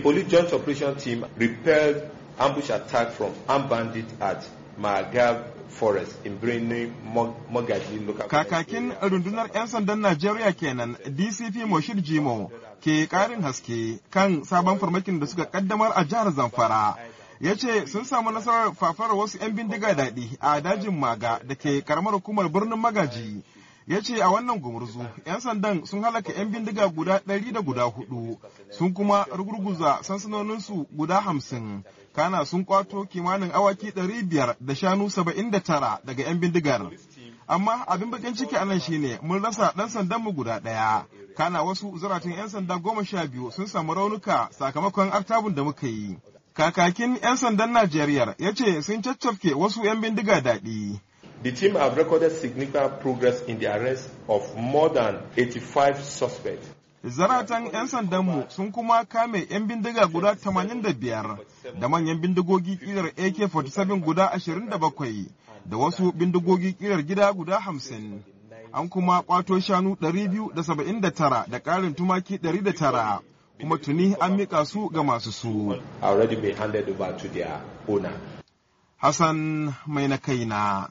police joint operation team repelled ambush attack from armed bandits at Magab Forest in Birnin Mogaji local. Kakakin rundunar 'yan sandan Najeriya kenan DCP Moshid Jimo ke karin haske kan sabon farmakin da suka kaddamar a jihar Zamfara. ya ce sun samu nasarar fafar wasu 'yan bindiga daɗi a dajin maga da ke karamar hukumar birnin magaji ya ce a wannan gumurzu 'yan sandan sun halaka 'yan bindiga guda ɗari da guda hudu sun kuma rugurguza sansanoninsu guda hamsin kana sun kwato kimanin awaki ɗari biyar da shanu saba'in da tara daga 'yan bindigar amma abin bakin ciki a nan shine mun rasa ɗan mu guda ɗaya kana wasu zaratun 'yan sanda goma sha biyu sun samu raunuka sakamakon artabun da muka yi kakakin 'yan sandan najeriya ya ce sun caccafke wasu 'yan bindiga daɗi The team have recorded significant progress in the arrest of more than 85 suspects. Zaratan 'yan sandanmu sun kuma kame 'yan bindiga guda 85 da manyan bindigogi kirar AK-47 guda 27 da wasu bindigogi kirar gida guda 50. An kuma kwato shanu 279 da ƙarin tumaki 109 kuma tuni an mika su ga masu su. Hassan mai na kaina.